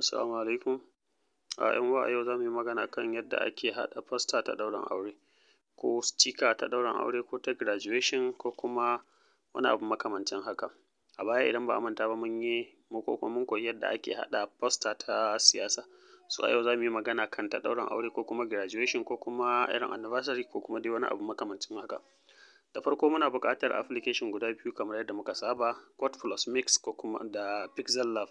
Assalamu alaikum. A 'yan uwa a yau za mu yi magana kan yadda ake haɗa fasta ta ɗaurin aure, ko stika ta ɗaurin aure ko ta graduation ko kuma wani abu makamancin haka. A baya idan ba a manta ba mun yi ko kuma mun koyi yadda ake haɗa fasta ta siyasa. So a yau za mu yi magana kan ta ɗaurin aure ko kuma graduation ko kuma irin anniversary ko kuma dai wani abu makamancin haka. Da farko muna buƙatar application guda biyu kamar yadda muka saba, code plus Mix ko kuma da Pixel Lab.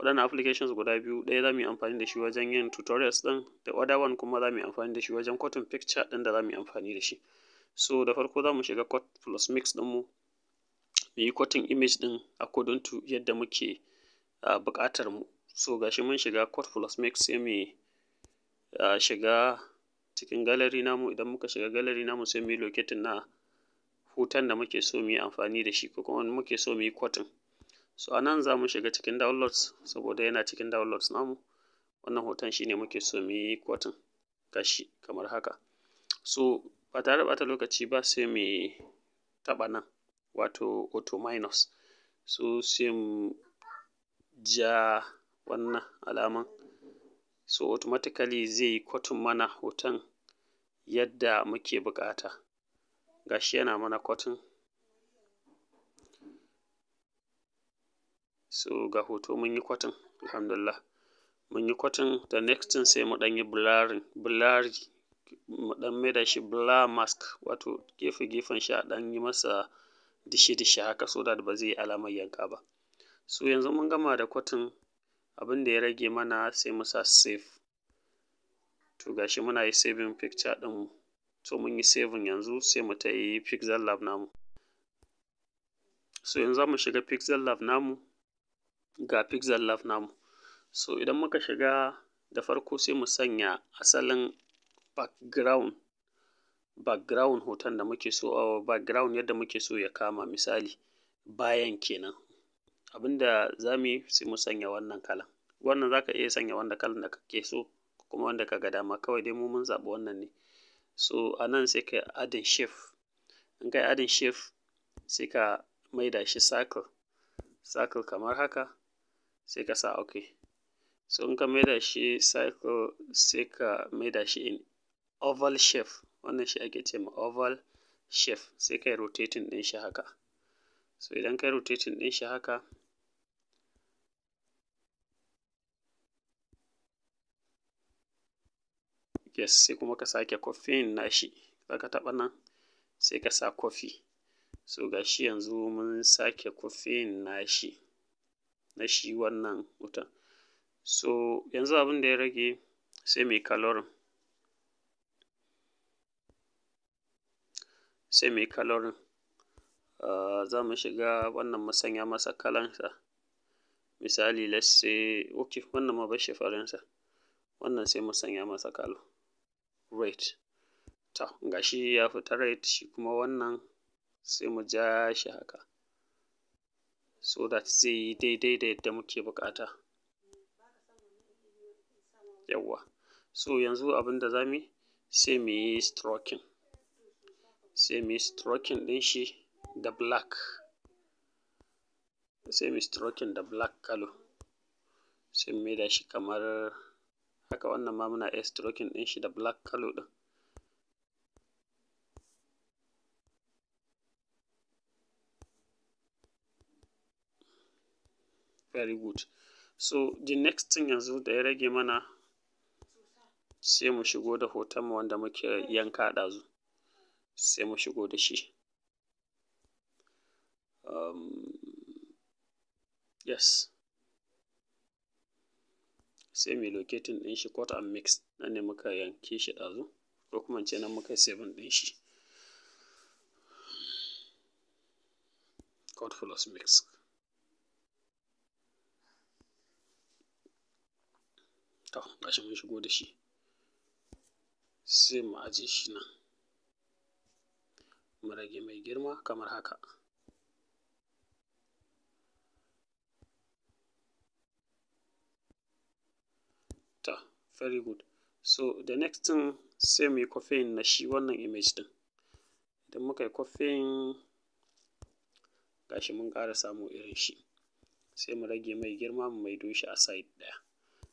Waɗannan applications guda biyu ɗaya za mu yi amfani da shi wajen yin tutorials ɗin da other one kuma za mu yi amfani da shi wajen cotton picture ɗin da za mu yi amfani da shi. So da farko za mu shiga cut plus mix ɗinmu mu yi cutting image ɗin according to yadda muke buƙatar mu. So ga shi mun shiga cut plus mix sai mu shiga cikin gallery namu idan muka shiga gallery namu sai mu yi locating na hoton da muke so mu yi amfani da shi ko kuma muke so mu yi cutting. So a nan za mu shiga cikin downloads saboda yana cikin downloads namu. Wannan hoton shine muke so mu yi kwatin gashi kamar haka. So ba tare da bata lokaci ba sai mu taɓa nan wato auto minus. So sai mu ja wannan alaman. So automatically zai yi mana hoton yadda muke buƙata. Gashi yana mana kwatin. so ga hoto mun yi kwatin alhamdulillah mun yi kwatin the next thing sai mu ɗan yi blurring blurry mu ɗan maida shi blur mask wato gefe gefen shi a ɗan yi masa dishi dishi haka so that ba zai yi alamar yanka ba so yanzu mun gama da kwatin abin da ya rage mana sai mu sa save to gashi muna yi saving picture ɗin so mun yi saving yanzu sai mu ta yi pixel lab namu so yanzu za mu shiga pixel lab namu ga pixel lab namu so idan muka shiga da farko sai mu sanya asalin background background hoton da muke so uh, background yadda muke so ya kama misali bayan kenan abinda za mu sai mu sanya wannan kalan wannan za ka iya sanya wanda kalan da kake so kuma wanda ka ga dama kawai dai mu mun zaɓi wannan ne so a nan sai ka adin shape in ka yi sai ka maida shi circle circle kamar haka sai ka sa OK. So in ka maida shi circle sai ka maida shi in oval shape wannan shi ake ce ma oval shape sai ka yi rotating ɗin shi haka. So idan ka yi rotating ɗin shi haka yes sai kuma ka sake na shi, za ka taɓa nan sai ka sa coffee. So ga shi yanzu mun sake na shi. na shi wannan wutan. So yanzu abin da ya rage sai mu yi Sai mu yi ah, za mu shiga wannan mu sanya masa kalansa. Misali let's say ok wannan mu bar shi sa Wannan sai mu sanya masa kalo red. To ga shi ya fita red shi kuma wannan sai mu ja shi haka. so that zai yi daidai da yadda muke buƙata yawwa so yanzu abin da za mu yi sai mu yi stroking sai mu yi stroking ɗin shi da black sai mu yi stroking da black color sai mu da shi kamar haka wannan ma muna iya stroking ɗin shi da black kalo ɗin very good so the next thing yanzu da ya rage mana sai mu shigo da hoton mu wanda muke yanka dazu sai mu shigo da shi um, yes sai mu locating din shi cut and mix nan ne muka yanke shi dazu ko kuma ce nan muka saving ɗin shi cut plus mix To, gashi mun shigo da shi. Sai mu aje shi nan. Mu rage mai girma kamar haka. To, very good. So, the next thing sai muyi copying na shi wannan image ɗin. Idan muka yi copying, gashi mun ƙara samo irin shi. Sai mu rage mai girma mu maido shi a side ɗaya.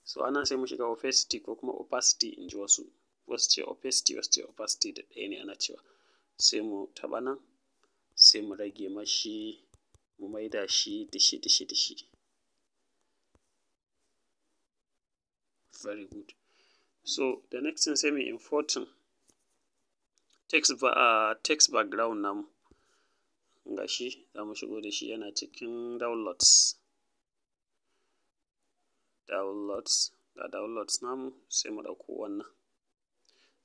so anan sai mun shiga opacity ko kuma opacity in ji wasu wasu ce opacity wasu ce opacity da ɗaya ne ana cewa sai mu taɓa nan sai mu rage mashi mu maida shi dishi dishi dishi very good so the next thing sai mu important text, ba, uh, text background namu ga shi za mu shigo da shi yana cikin downloads downloads ga downloads namu sai mu ɗauko wannan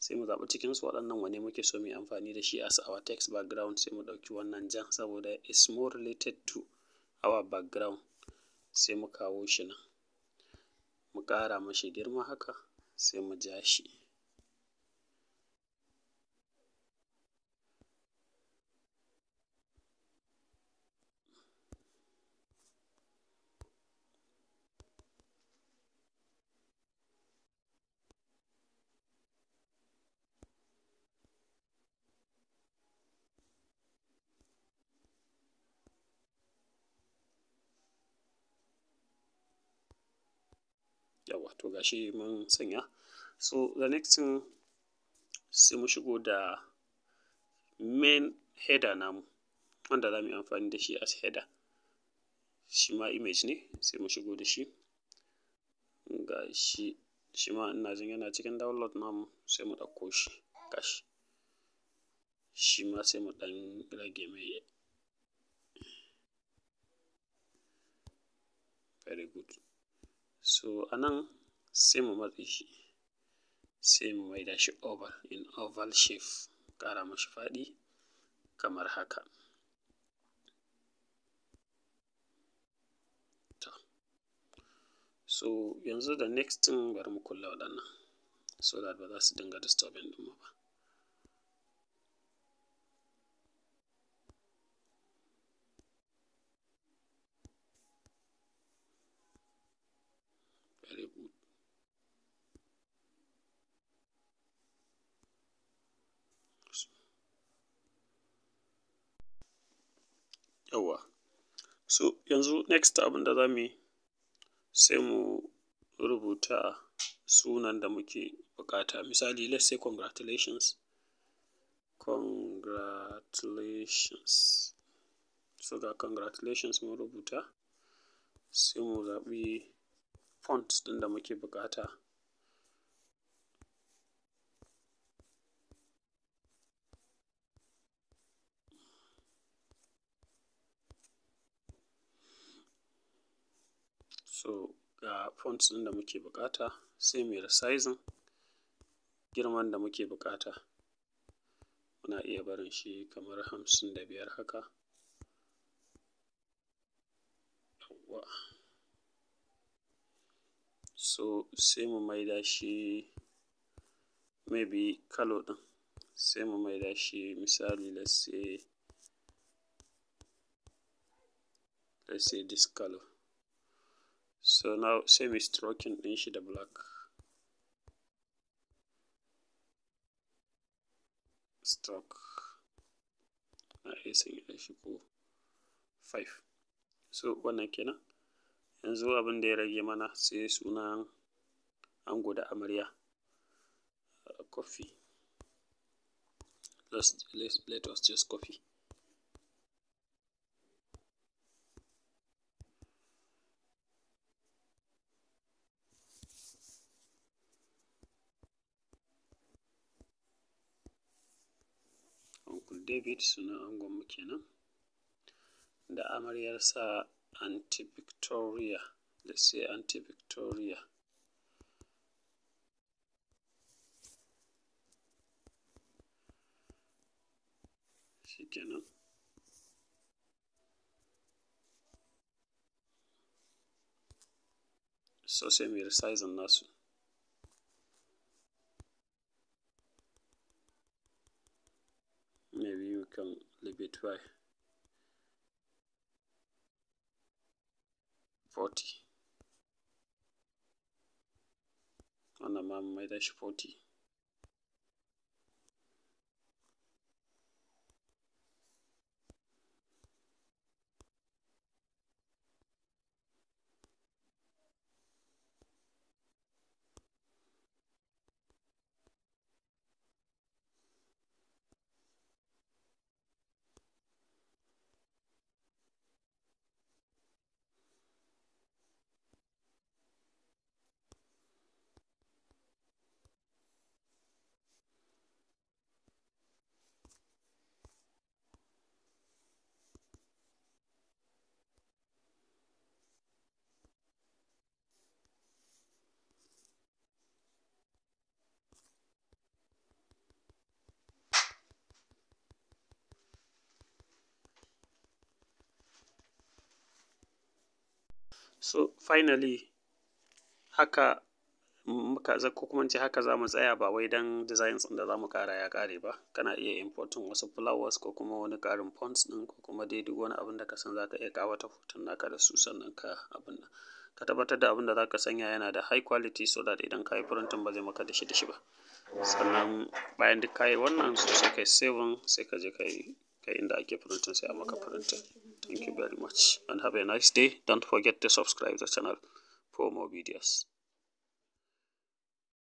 sai mu zaɓi cikinsu waɗannan wane muke so mu yi amfani da shi as our text background sai mu ɗauki wannan jan saboda is more related to our background sai mu kawo shi nan mu ƙara mashi girma haka sai mu ja shi yawa to gashi mun sanya so the next thing sai mu shigo da main header namu wanda za mu yi amfani da shi as header shi ma image ne sai mu shigo da shi gashi shi ma ina jin yana cikin download namu sai mu ɗauko shi gashi shi ma sai mu ɗan rage mai very good so a nan sai mu matse shi sai mu maida shi oval in oval shape ƙara mashi faɗi kamar haka so yanzu da next thing bari mu kula waɗannan so that ba za su dinga disturbing ɗin ba yauwa so yanzu next abin da za mu yi sai mu rubuta sunan da muke buƙata misali let's say congratulations congratulations so ga congratulations mun rubuta sai mu zaɓi font ɗin da muke buƙata so ga fonts ɗin da muke buƙata sai mu resizing girman da muke buƙata muna iya barin shi kamar hamsin da biyar haka so sai mu maida shi maybe kalo ɗin sai mu maida shi misali let's say let's say this color so now sai mai stroking ɗin shi da black stroke na iya sanya shi ko 5 so wannan kenan yanzu abin da ya rage mana sai sunan ango da amarya uh, coffee let's, let's, let us just coffee David suna sunan angonmu kenan da amaryarsa anti Victoria da sai anti Victoria. Shi kenan. So sai yi nasu. maybe you can leave it by 40 shi 40 So finally haka muka ko kuma ce haka za mu tsaya ba wai dan designs ɗin da za mu ƙara ya ƙare ba. Kana iya importing wasu flowers ko kuma wani ƙarin points ɗin ko kuma dai duk wani abun da ka san za ka iya ƙawata hoton naka da su sannan ka abun nan. Ka tabbatar da abun da za ka sanya yana da high quality so that idan ka yi printing ba zai maka dashi dashi ba. Sannan bayan duk ka yi wannan so sai ka yi saving sai ka je ka yi. kai inda ake printin sai a maka printin thank you very much and have a nice day don't forget to subscribe the channel for more videos